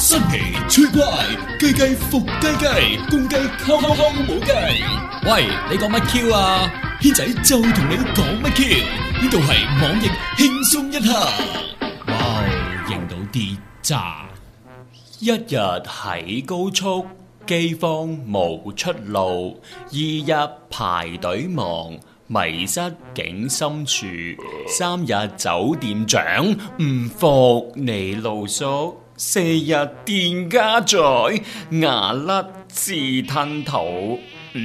新奇趣怪，雞雞伏雞雞，公雞敲敲敲冇雞。喂，你講乜 Q 啊？軒仔就同你講乜 Q？呢度係網易輕鬆一刻。哇哦，認到啲咋。一日喺高速，飢荒無出路；二日排隊忙，迷失景深處；三日酒店長，唔服你露宿。四日店家在，牙甩自吞肚，五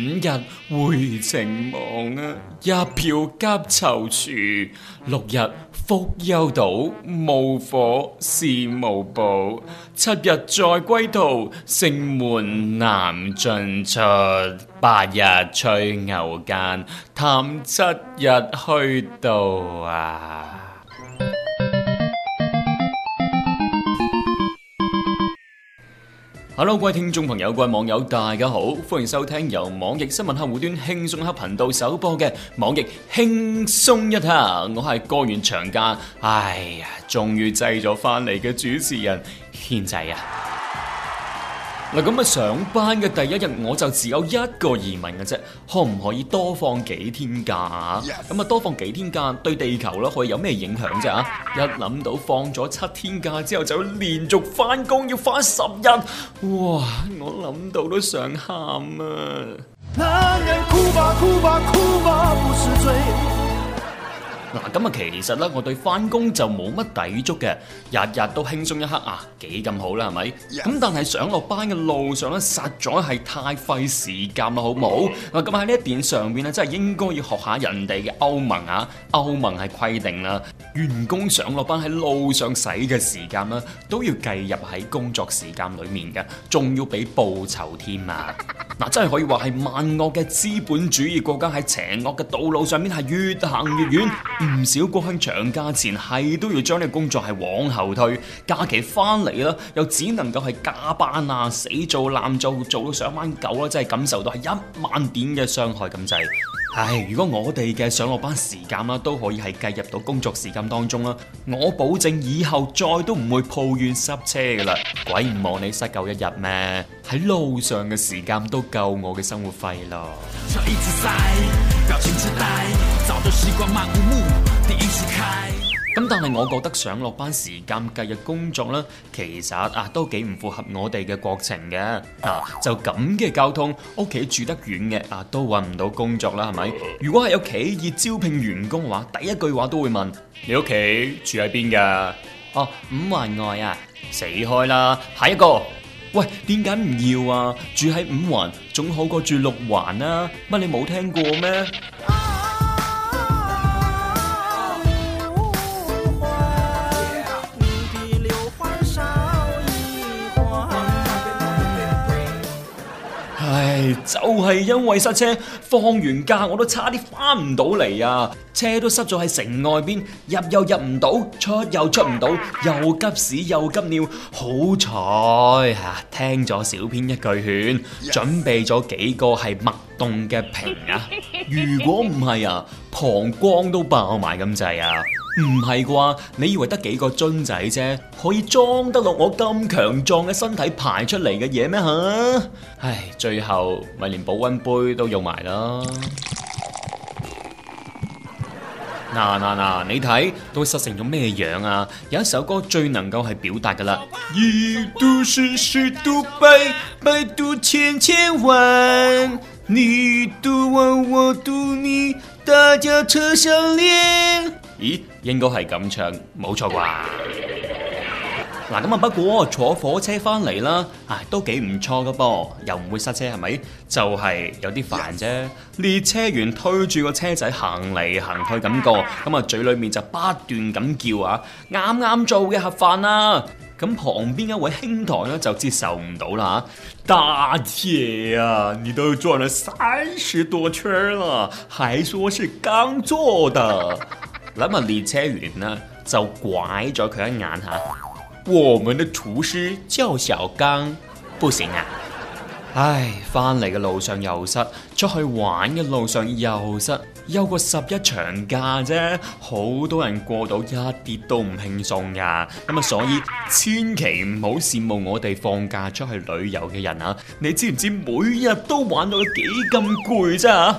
日回程忙啊，一票急躊躇；六日福幽島，無火事無報；七日再歸途，城門難進出；八日吹牛間，探七日虛度啊。hello，各位聽眾朋友，各位網友，大家好，歡迎收聽由網易新聞客戶端輕鬆一刻頻道首播嘅網易輕鬆一刻，我係過完長假，哎呀，終於制咗翻嚟嘅主持人軒仔啊！嗱咁啊，上班嘅第一日我就只有一個疑問嘅啫，可唔可以多放幾天假啊？咁啊，多放幾天假對地球啦，可以有咩影響啫？吓，一諗到放咗七天假之後就要連續翻工，要翻十日，哇！我諗到都想喊啊！嗱，咁啊，其實咧，我對翻工就冇乜抵觸嘅，日日都輕鬆一刻啊，幾咁好啦，係咪？咁但係上落班嘅路上咧，實在係太費時間啦，好冇？嗱，咁喺呢一點上邊咧，真係應該要學下人哋嘅歐盟啊，歐盟係規定啦。員工上落班喺路上使嘅時間啦，都要計入喺工作時間裡面嘅，仲要俾報酬添啊！嗱， 真係可以話係萬惡嘅資本主義國家喺邪惡嘅道路上面係越行越遠，唔少國慶長假前係都要將呢個工作係往後推，假期翻嚟啦又只能夠係加班啊，死做爛做做到上班狗啦、啊，真係感受到係一萬點嘅傷害咁滯。唉，如果我哋嘅上落班時間啦、啊，都可以係計入到工作時間當中啦、啊，我保證以後再都唔會抱怨塞車噶啦。鬼唔望你塞夠一日咩？喺路上嘅時間都夠我嘅生活費咯。 咁但係我覺得上落班時間計入工作咧，其實啊都幾唔符合我哋嘅國情嘅。嗱、啊，就咁嘅交通，屋企住得遠嘅啊都搵唔到工作啦，係咪？如果係有企業招聘員工嘅話，第一句話都會問你屋企住喺邊噶。哦、啊，五環外啊，死開啦！下一個，喂，點解唔要啊？住喺五環總好過住六環啦、啊，乜你冇聽過咩？就係因為塞車，放完假我都差啲翻唔到嚟啊！車都塞咗喺城外邊，入又入唔到，出又出唔到，又急屎又急尿，好彩吓聽咗小編一句勸，準備咗幾個係脈動嘅瓶啊！如果唔係啊，膀胱都爆埋咁滯啊！唔係啩？你以為得幾個樽仔啫，可以裝得落我咁強壯嘅身體排出嚟嘅嘢咩？吓！唉，最後咪連保溫杯都用埋囉。嗱嗱嗱， n ā, n ā, n ā, 你睇都失成咗咩樣啊？有一首歌最能夠係表達噶啦，一堵是十堵百，百堵千千萬，爸你堵我我堵你，大家車相連。咦，應該係咁唱，冇錯啩？嗱，咁啊，不過坐火車翻嚟啦，啊，都幾唔錯噶噃，又唔會塞車，係咪？就係、是、有啲煩啫。列車員推住個車仔行嚟行去咁過，咁啊，啊， 啊，嘴裏面就不斷咁叫啊，啱啱做嘅盒飯啦。咁、啊、旁邊一位兄台呢，就接受唔到啦，大姐啊，你都轉了三十多圈兒啦，還說是剛做的。 諗下列車員呢、啊，就拐咗佢一眼吓。我們的廚師叫小剛，不行啊！唉，翻嚟嘅路上又塞，出去玩嘅路上又塞，休個十一長假啫，好多人過到一啲都唔輕鬆㗎。咁啊，所以千祈唔好羨慕我哋放假出去旅遊嘅人啊！你知唔知每日都玩到幾咁攰啫？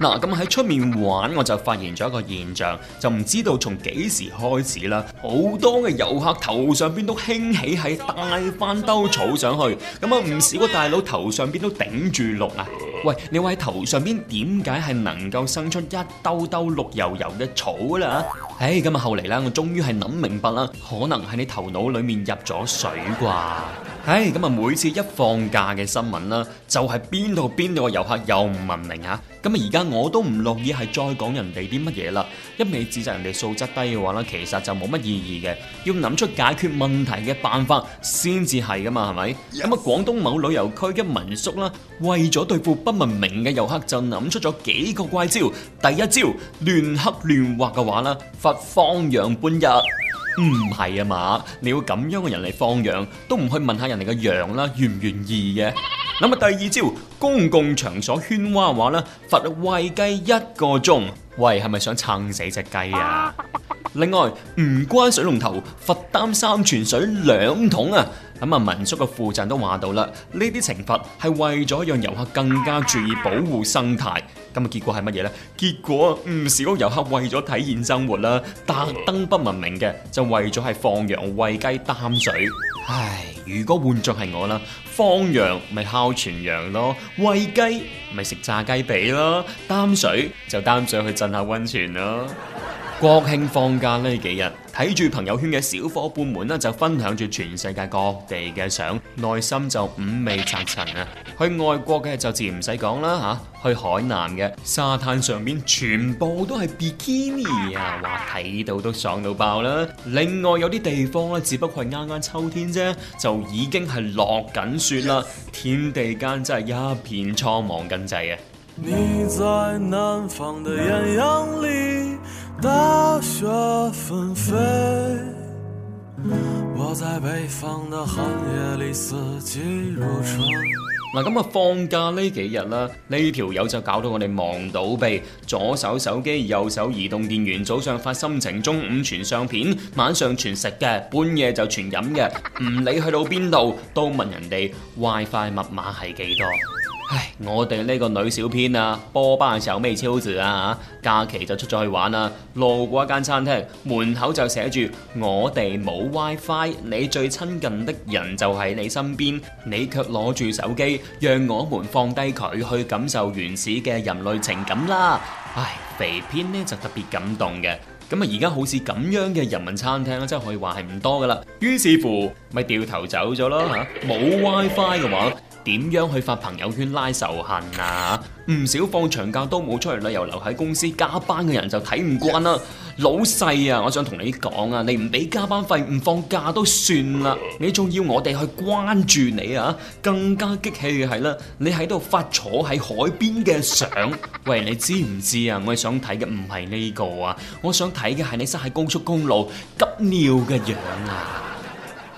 嗱，咁喺出面玩，我就發現咗一個現象，就唔知道從幾時開始啦，好多嘅遊客頭上邊都興起喺戴翻兜草上去，咁啊唔少個大佬頭上邊都頂住綠啊！喂，你位頭上邊點解係能夠生出一兜兜綠油油嘅草噶啦？唉，咁啊後嚟啦，我終於係諗明白啦，可能係你頭腦裏面入咗水啩？唉，咁啊每次一放假嘅新聞啦，就係邊度邊度嘅遊客又唔文明吓，咁啊而家我都唔樂意係再講人哋啲乜嘢啦，一味指責人哋素質低嘅話啦，其實就冇乜意義嘅，要諗出解決問題嘅辦法先至係噶嘛，係咪？咁啊廣東某旅遊區嘅民宿啦，為咗對付不不文明嘅遊客就諗出咗幾個怪招。第一招亂刻亂畫嘅話咧，罰放羊半日。唔係啊嘛，你要咁樣嘅人嚟放羊，都唔去問下人哋嘅羊啦，願唔願意嘅。咁啊，第二招公共場所喧嘩嘅話咧，罰餵雞一個鐘。喂，係咪想撐死隻雞啊？ 另外唔關水龍頭，罰擔三泉水兩桶啊！咁啊，民宿嘅負責人都話到啦，呢啲懲罰係為咗讓遊客更加注意保護生態。咁啊，結果係乜嘢呢？結果唔少遊客為咗體驗生活啦，特登不文明嘅就為咗係放羊、餵雞、擔水。唉，如果換作係我啦，放羊咪烤全羊咯，餵雞咪食炸雞髀咯，擔水就擔水去浸下溫泉咯。國慶放假呢幾日，睇住朋友圈嘅小伙伴們呢，就分享住全世界各地嘅相，內心就五味雜陳啊！去外國嘅就自唔使講啦吓，去海南嘅沙灘上面全部都係 i n i 啊，話睇到都爽到爆啦！另外有啲地方呢，只不過係啱啱秋天啫，就已經係落緊雪啦，天地間真係一片蒼茫緊制啊！你在南方的人大雪紛飛我在北方的寒夜裡，四季如春。嗱咁啊，放假呢幾日啦，呢條友就搞到我哋忙到痹，左手手機，右手移動電源，早上發心情，中午傳相片，晚上傳食嘅，半夜就傳飲嘅，唔理去到邊度，都問人哋 WiFi 密碼係幾多。唉，我哋呢個女小編啊，波班嘅時候咩超住啊，假期就出咗去玩啊，路過一間餐廳，門口就寫住：我哋冇 WiFi，你最親近的人就喺你身邊，你卻攞住手機，讓我們放低佢去感受原始嘅人類情感啦。唉，肥編呢就特別感動嘅。咁啊，而家好似咁樣嘅人民餐廳真係可以話係唔多噶啦。於是乎，咪掉頭走咗咯吓，冇 WiFi 嘅話。點樣去發朋友圈拉仇恨啊？唔少放長假都冇出去旅遊，留喺公司加班嘅人就睇唔慣啦。Yes. 老細啊，我想同你講啊，你唔俾加班費，唔放假都算啦，你仲要我哋去關注你啊？更加激氣嘅係啦，你喺度發坐喺海邊嘅相。喂，你知唔知啊？我想睇嘅唔係呢個啊，我想睇嘅係你塞喺高速公路急尿嘅樣啊！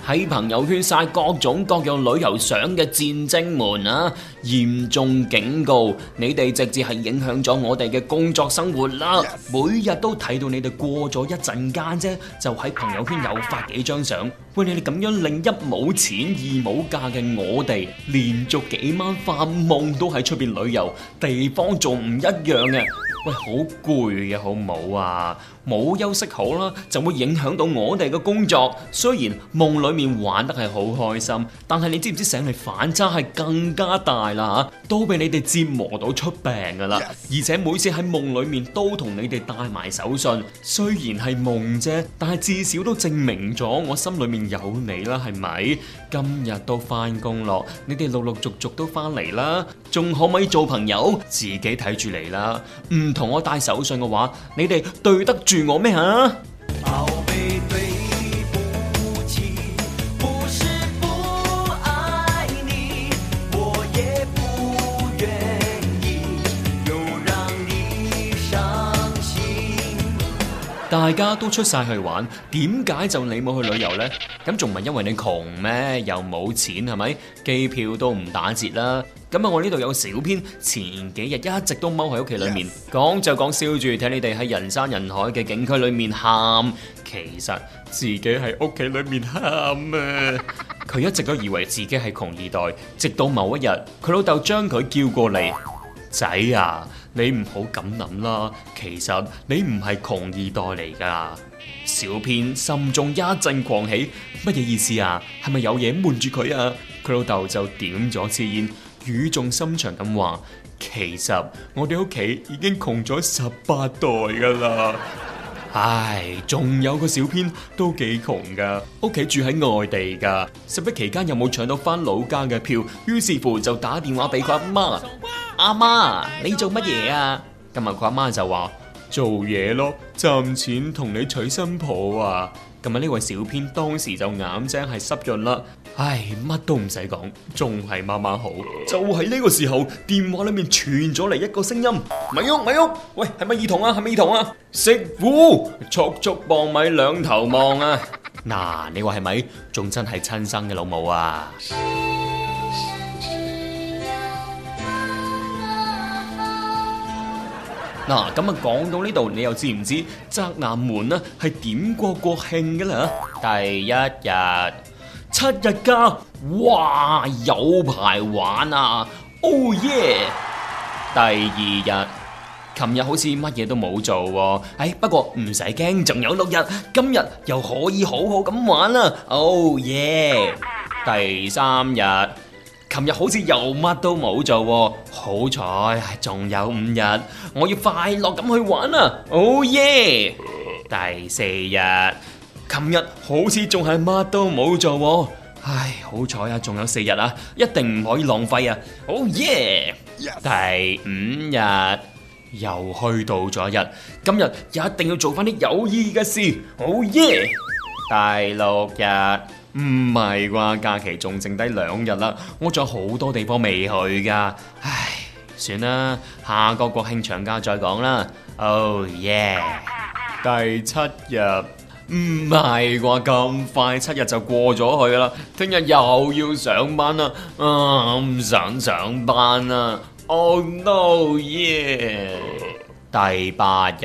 喺朋友圈晒各種各樣旅遊相嘅戰爭們啊！嚴重警告！你哋直接係影響咗我哋嘅工作生活啦。Yes. 每日都睇到你哋過咗一陣間啫，就喺朋友圈又發幾張相。喂，你哋咁樣，令一冇錢二冇假嘅我哋，連續幾晚發夢都喺出邊旅遊，地方仲唔一樣嘅？喂，好攰嘅，好冇啊！冇休息好啦，就會影響到我哋嘅工作。雖然夢裡面玩得係好開心，但係你知唔知醒嚟反差係更加大？啦都俾你哋折磨到出病噶啦，Yes. 而且每次喺夢裏面都同你哋帶埋手信，雖然係夢啫，但係至少都證明咗我心裏面有你啦，係咪？今日都翻工咯，你哋陸陸續續都翻嚟啦，仲可唔可以做朋友？自己睇住嚟啦，唔同我帶手信嘅話，你哋對得住我咩吓？大家都出晒去玩，點解就你冇去旅遊呢？咁仲唔係因為你窮咩？又冇錢係咪？機票都唔打折啦。咁啊，我呢度有小編，前幾日一直都踎喺屋企裏面，講 Yes. 就講笑住，睇你哋喺人山人海嘅景區裏面喊，其實自己喺屋企裏面喊啊！佢一直都以為自己係窮二代，直到某一日，佢老豆將佢叫過嚟。仔啊，你唔好咁諗啦，其實你唔係窮二代嚟噶。小編心中一陣狂喜，乜嘢意思啊？係咪有嘢瞞住佢啊？佢老豆就點咗支煙，語重心長咁話：其實我哋屋企已經窮咗十八代噶啦。唉，仲有個小編都幾窮噶，屋企住喺外地噶，十一期間有冇搶到翻老家嘅票？於是乎就打電話俾佢阿媽。阿媽，你做乜嘢啊？今日佢阿媽就話做嘢咯，賺錢同你娶新抱啊！今日呢位小編當時就眼睛係濕潤啦，唉，乜都唔使講，仲係媽媽好。就喺呢個時候，電話裏面傳咗嚟一個聲音：咪喐咪喐，喂，係咪二筒啊？係咪二筒啊？食糊，捉捉棒咪兩頭望啊！嗱、啊，你話係咪？仲真係親生嘅老母啊！嗱，咁啊講到呢度，你又知唔知宅男們啊係點過國慶噶啦？第一日七日假，哇有排玩啊！Oh yeah！第二日，琴日好似乜嘢都冇做喎、啊，哎不過唔使驚，仲有六日，今日又可以好好咁玩啦、啊！Oh yeah！第三日。琴日好似又乜都冇做、哦，好彩仲有五日，我要快樂咁去玩啊！Oh yeah！第四日，琴日好似仲係乜都冇做、哦，唉，好彩啊，仲有四日啊，一定唔可以浪費啊！Oh yeah！Yes! 第五日又去到咗一日，今日一定要做翻啲有意嘅事，Oh yeah！第六日。唔係啩？假期仲剩低兩日啦，我仲有好多地方未去噶。唉，算啦，下個國慶長假再講啦。Oh yeah，第七日，唔係啩？咁快七日就過咗去啦。聽日又要上班啦，啊，唔想上班啦。Oh no yeah，第八日，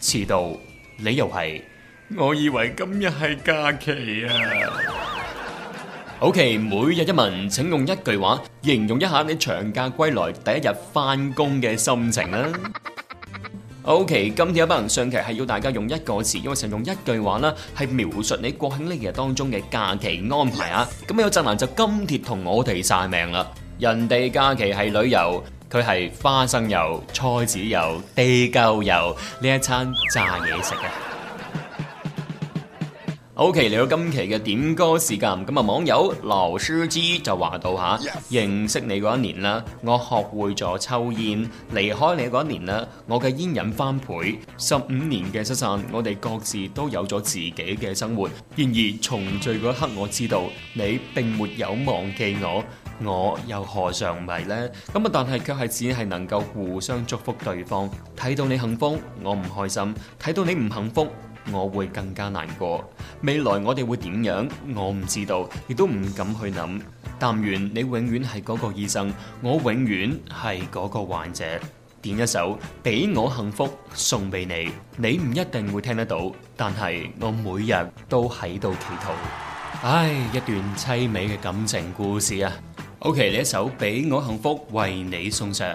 遲到，理由係。我以為今日係假期啊！O K，每日一文，請用一句話形容一下你長假歸來第一日返工嘅心情啦。O K，今天有班人上期係要大家用一個詞，因為想用一句話啦，係描述你國慶呢日當中嘅假期安排啊。咁有陣人就今貼同我哋曬命啦，人哋假期係旅遊，佢係花生油、菜籽油、地溝油呢一餐炸嘢食啊。O.K. 嚟到今期嘅點歌時間，咁啊，網友劉書之就話到吓：Yes! 認識你嗰一年啦，我學會咗抽煙；離開你嗰一年啦，我嘅煙癮翻倍。十五年嘅失散，我哋各自都有咗自己嘅生活。然而重聚嗰刻，我知道你並沒有忘記我，我又何嘗唔係咧？咁啊，但係卻係只係能夠互相祝福對方。睇到你幸福，我唔開心；睇到你唔幸福。我會更加難過，未來我哋會點樣？我唔知道，亦都唔敢去諗。但願你永遠係嗰個醫生，我永遠係嗰個患者。點一首《俾我幸福》送俾你，你唔一定會聽得到，但係我每日都喺度祈禱。唉，一段凄美嘅感情故事啊。OK，呢一首《俾我幸福》為你送上。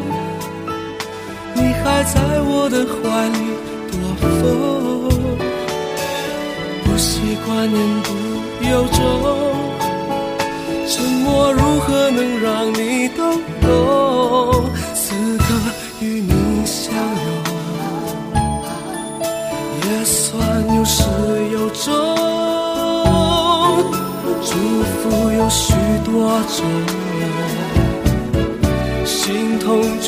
愛在我的懷裏躲風，不習慣言不由衷，沉默如何能讓你懂，懂？此刻與你。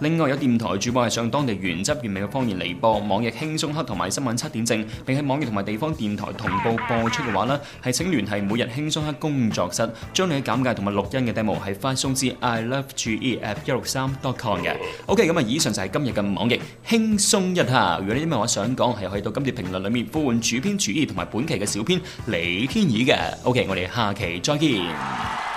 另外有電台主播係上當地原汁原味嘅方言嚟播，網易輕鬆刻同埋新聞七點正，並喺網易同埋地方電台同步播出嘅話呢，係請聯繫每日輕鬆刻工作室，將你嘅簡介同埋錄音嘅 demo 係發送至 i love ge f t 163 dot com 嘅。OK，咁啊，以上就係今日嘅網易輕鬆一下。如果你因為我想講係可以到今次評論裡面呼喚主編主意同埋本期嘅小編李天意嘅。OK，我哋下期再見。